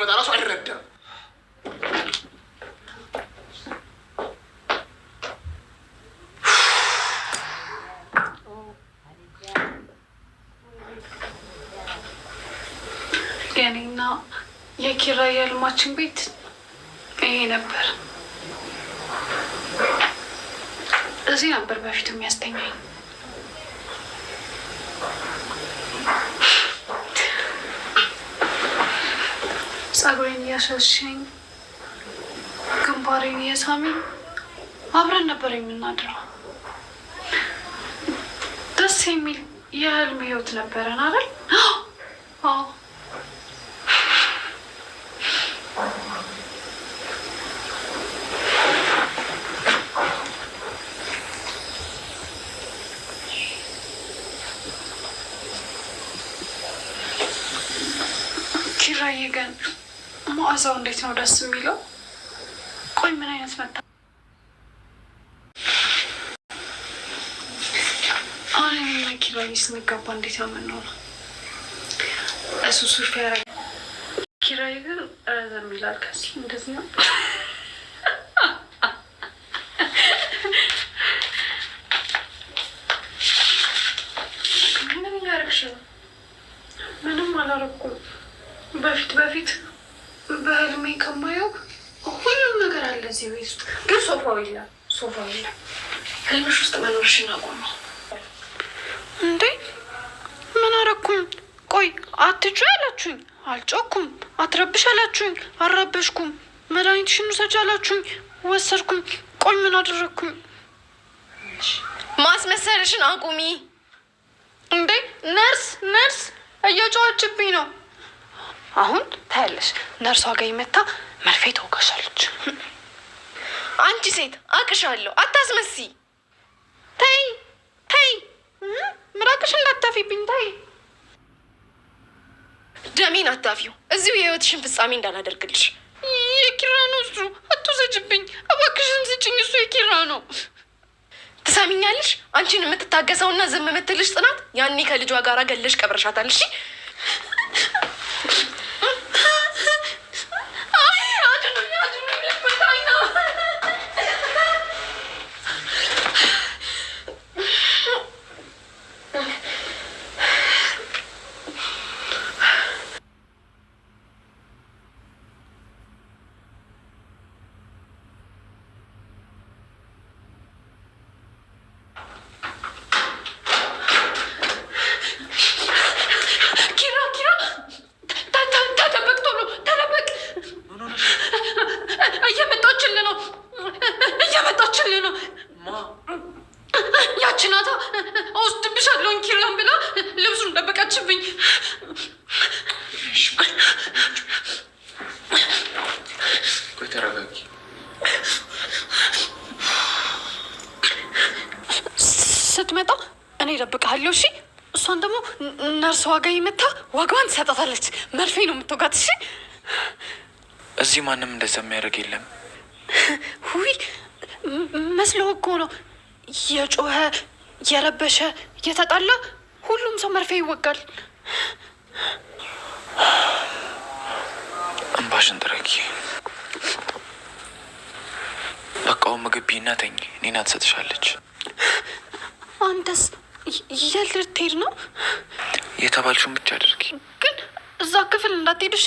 ሲመጣ ራሱ አይረዳም። የኔና የኪራ የልማችን ቤት ይሄ ነበር። እዚህ ነበር በፊት የሚያስተኛኝ። እያሻሸኝ ግንባሬን አብረን ነበር የምናድረው። ደስ የሚል የህልም ህይወት ነበረን አይደል? አዎ። ኪራዬ መዓዛው እንዴት ነው ደስ የሚለው! ቆይ ምን አይነት መታ አሁንና ኪራይ ስንጋባ እንዴት ነው የምንሆነው? እሱ ሱፍ ያረግ ኪራይ ግን ረዘም ይላል። ከስ እንደዚህ ነው ምንም አላረኩም። በፊት በፊት እዚህ ቤት ውስጥ ግን ሶፋው የለም፣ ሶፋው የለም። ህልምሽ ውስጥ መኖርሽን አቁሚ። እንዴ ምን አረኩም? ቆይ አትጩ ያላችሁኝ፣ አልጮኩም። አትረብሽ አላችሁኝ፣ አረበሽኩም መድኃኒትሽን ውሰጅ አላችሁኝ፣ ወሰድኩም። ቆይ ምን አደረግኩኝ? ማስመሰልሽን አቁሚ። እንዴ ነርስ ነርስ እየጮኸችብኝ ነው። አሁን ታያለሽ፣ ነርሷ ጋር መታ መርፌ ተወጋሻለች። አንቺ ሴት አቅሻለሁ፣ አታስመሲ። ተይ ተይ፣ ምራቅሽ እንዳታፊብኝ ተይ። ደሜን አታፊው፣ እዚሁ የህይወትሽን ፍጻሜ እንዳላደርግልሽ። የኪራ ነው እሱ፣ አትውሰጅብኝ እባክሽን፣ ስጭኝ። እሱ የኪራ ነው። ትሰሚኛለሽ? አንቺን የምትታገሰውና ዝም የምትልሽ ጽናት፣ ያኔ ከልጇ ጋር ገለሽ ቀብረሻታል። እሺ እና ዋጋ የመታ ዋጋዋን ትሰጣታለች። መርፌ ነው የምትወጋት። እሺ፣ እዚህ ማንም እንደዛ የሚያደርግ የለም። ሁይ መስሎ እኮ ነው የጮኸ የረበሸ የተጣላ ሁሉም ሰው መርፌ ይወጋል። እንባሽን ጥረጊ። በቃው ምግብ ቢና ተኝ። ኔና ትሰጥሻለች። አንተስ የልር ነው የተባልሽውን ብቻ አድርጊ። ግን እዛ ክፍል እንዳትሄድ እሺ?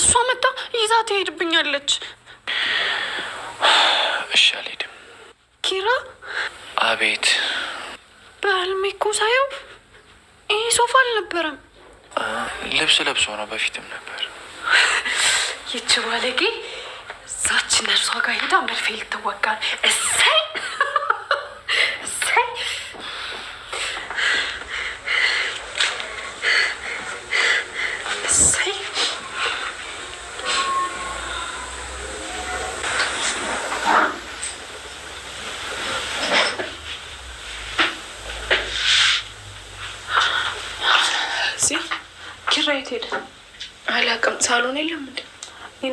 እሷ መታ ይዛ ትሄድብኛለች። እሺ፣ አልሄድም። ኪራ! አቤት። በህልሜ እኮ ሳየው ይህ ሶፋ አልነበረም። ልብስ ለብሶ ነው። በፊትም ነበር። ይች ባለጌ እዛች ነርሷ ጋር ሄዳ መርፌ ልትወጋ እሰይ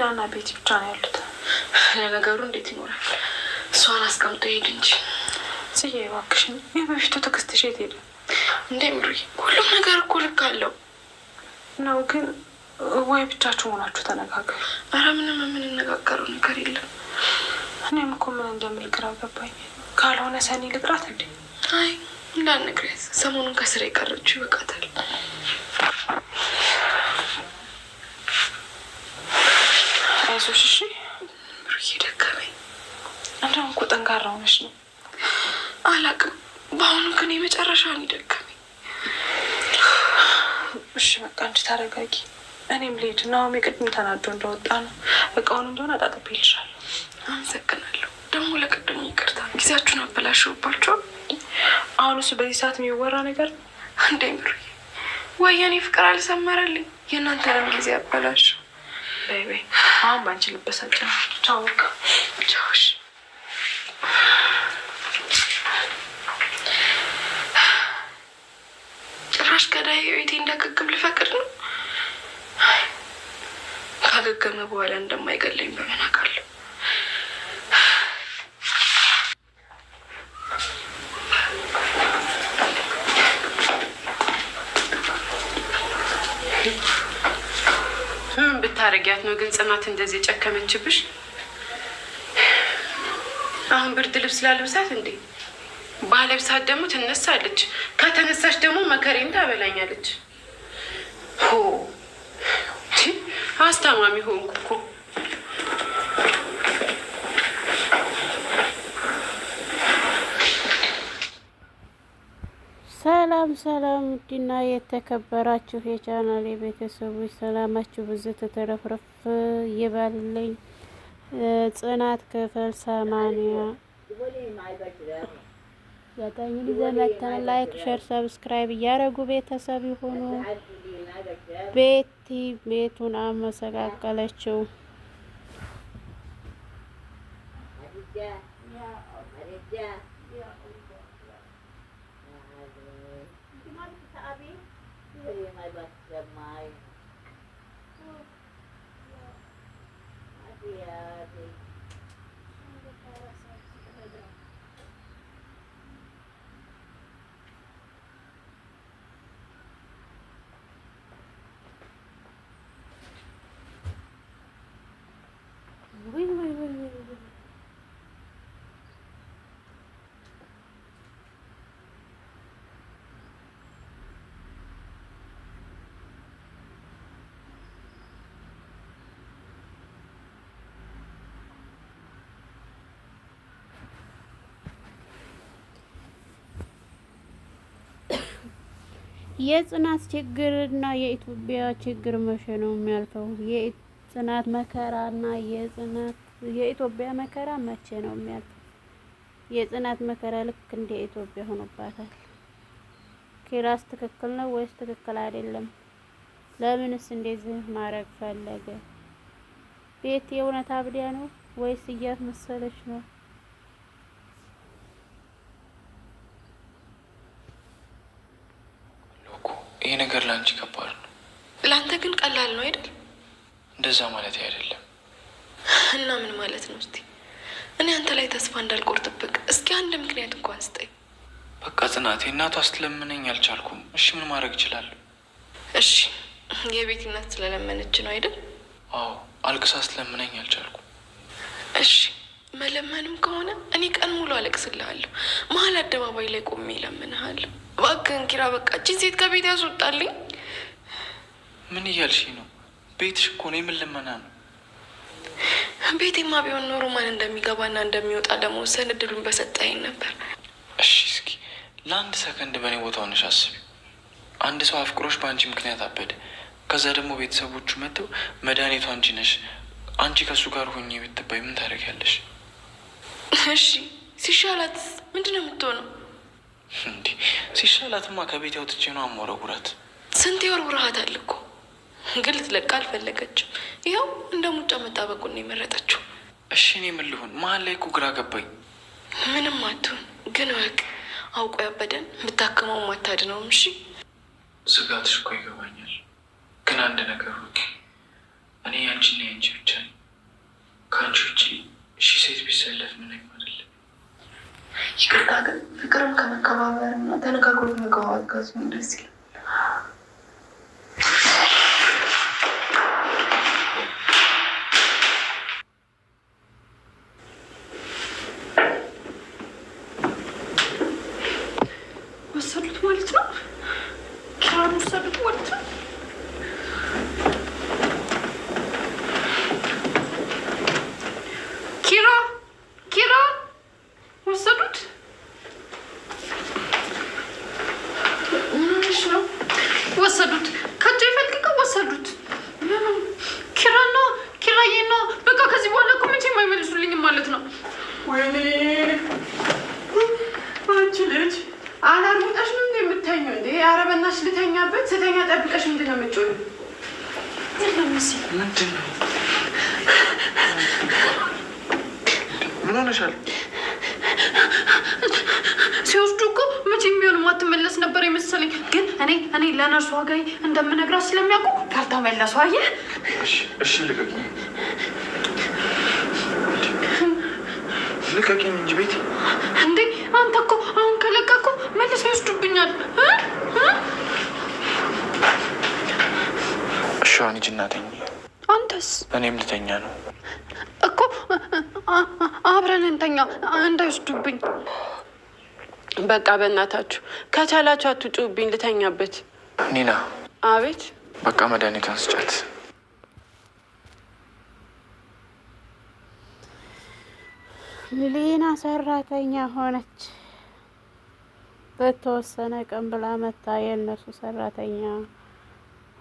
ኪራና ቤት ብቻ ነው ያሉት። ለነገሩ እንዴት ይኖራል? እሷን አስቀምጦ ሄድ እንጂ ጽዬ፣ እባክሽን የበፊቱ ትዕግስትሽ የት ሄደ? እንዴ ምሪ፣ ሁሉም ነገር እኮ ልክ አለው ነው። ግን ወይ ብቻችሁ ሆናችሁ ተነጋገሩ። አረ ምንም የምንነጋገረው ነገር የለም። እኔም እኮ ምን እንደምል ግራ ገባኝ። ካልሆነ ሰኒ ልጥራት እንዴ? አይ እንዳንግሬዝ ሰሞኑን ከስራ የቀረችው ይበቃታል። አይዞሽ እሺ። ብሩዬ ደከመኝ። እንደውም እኮ ጠንካራ ሆነሽ ነው። አላቅም። በአሁኑ ግን የመጨረሻ ነው ደከመኝ። እሺ በቃ አንቺ ታረጋጊ። እኔም ልሄድ እና የቅድም ተናዶ እንደወጣ ነው እቃውን እንደሆነ አጣጥቤ ይልሻል። አመሰግናለሁ። ደግሞ ለቅድሙ ይቅርታ፣ ጊዜያችሁን አበላሽባቸው። አሁን እሱ በዚህ ሰዓት የሚወራ ነገር አንዴ ብሩዬ ወይ የኔ ፍቅር አልሰመረልኝ፣ የእናንተንም ጊዜ አበላሽ በይ በይ። አሁን ባንቺ ልበሳጭ ነው። ቻው ቻው። ጭራሽ ገዳይ ቤቴ እንዳገግም ልፈቅድ ነው። ካገገመ በኋላ እንደማይገለኝ በ ልታረጊያት ነው? ግን ጽናት እንደዚህ የጨከመችብሽ አሁን ብርድ ልብስ ላለብሳት እንዴ? ባለብሳት ደግሞ ትነሳለች። ከተነሳች ደግሞ መከሬን ታበላኛለች። ሆ አስተማሚ ሆንኩ እኮ ሰላም ውድና የተከበራችሁ የቻናል የቤተሰቦች ሰላማችሁ ብዙ ተተረፍረፍ ይበልልኝ። ጽናት ክፍል ሰማንያ ዘጠኝን ይዘን ላይክ፣ ሸር፣ ሰብስክራይብ እያደረጉ ቤተሰብ የሆኑ ቤቲ ቤቱን አመሰቃቀለችው። Yeah. የጽናት ችግርና የኢትዮጵያ ችግር መቼ ነው የሚያልፈው? የጽናት መከራና የጽናት የኢትዮጵያ መከራ መቼ ነው የሚያልፈው? የጽናት መከራ ልክ እንደ ኢትዮጵያ ሆኖባታል። ኪራስ ትክክል ነው ወይስ ትክክል አይደለም? ለምንስ እንደዚህ ማድረግ ፈለገ? ቤት የእውነት አብዲያ ነው ወይስ እያስመሰለች ነው? ይህ ነገር ለአንቺ ከባድ ነው፣ ለአንተ ግን ቀላል ነው አይደል? እንደዛ ማለት አይደለም። እና ምን ማለት ነው? እስቲ እኔ አንተ ላይ ተስፋ እንዳልቆርጥብቅ እስኪ አንድ ምክንያት እንኳን ስጠኝ። በቃ ጽናቴ፣ እናቱ ስትለምነኝ አልቻልኩም። እሺ ምን ማድረግ እችላለሁ? እሺ የቤት እናት ስለለመነች ነው አይደል? አዎ አልቅሳ ስትለምነኝ አልቻልኩም። እሺ መለመንም ከሆነ እኔ ቀን ሙሉ አለቅስልሃለሁ። መሀል አደባባይ ላይ ቆሜ እለምንሃለሁ። እባክህን ኪራ፣ በቃ እችን ሴት ከቤት ያስወጣልኝ። ምን እያልሽ ነው? ቤትሽ እኮ ነው። ቤት ልመና ነው? ቤቴማ ቢሆን ኖሮ ማን እንደሚገባና እንደሚወጣ ለመወሰን እድሉን በሰጠኝ ነበር። እሺ፣ እስኪ ለአንድ ሰከንድ በእኔ ቦታ ሆነሽ አስቢ። አንድ ሰው አፍቅሮሽ በአንቺ ምክንያት አበደ። ከዛ ደግሞ ቤተሰቦቹ መጥተው መድኃኒቱ አንቺ ነሽ፣ አንቺ ከእሱ ጋር ሆኜ ብትባይ ምን ታደርጊያለሽ? እሺ ሲሻላት ምንድን ነው የምትሆነው? እንዲ ሲሻላትማ ከቤት ያውጥቼ ነው አሞረጉራት። ስንት አለ እኮ ግን ልትለቃ አልፈለገችም። ይኸው እንደ ሙጫ መጣበቁን ነው የመረጠችው። እሺ እኔ ምን ልሁን? መሀል ላይ እኮ ግራ ገባኝ። ምንም አትሁን ግን ወቅ አውቆ ያበደን ብታክመው ማታድነውም። እሺ ስጋትሽ እኮ ይገባኛል። ግን አንድ ነገር ወቅ እኔ ያንቺና ያንቺ ብቻ ከአንቺ ውጭ እሺ ሴት ቢሰለፍ ምን አይባልም። ይቅርታ ግን ፍቅርም ከመከባበር እና ተነጋግሮ ከመግባባት ጋር ደስ ይላል። ነኝ። ግን እኔ እኔ ለነርሱ ዋጋይ እንደምነግራት ስለሚያውቁ ካልተመለሱ አየ እሺ ልቀቂ ልቀቂኝ እንጂ ቤት እንዴ! አንተ እኮ አሁን ከለቀቁ መልስ ይወስዱብኛል። እሺ አንቺ እናተኝ፣ አንተስ? እኔም ልተኛ ነው እኮ አብረን እንተኛ እንዳይወስዱብኝ በቃ በእናታችሁ ከቻላችሁ አትጩብኝ፣ ልተኛበት። ኒና። አቤት። በቃ መድኃኒቱን ስጫት። ሊና ሰራተኛ ሆነች። በተወሰነ ቀን ብላ መታ የእነሱ ሰራተኛ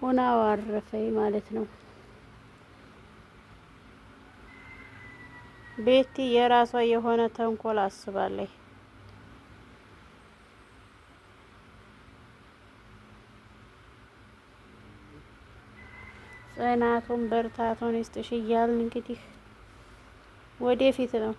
ሁና ዋረፈኝ ማለት ነው። ቤቲ የራሷ የሆነ ተንኮል አስባለች። ጽናቱን በርታቱን ይስጥሽ እያልን እንግዲህ ወደፊት ነው።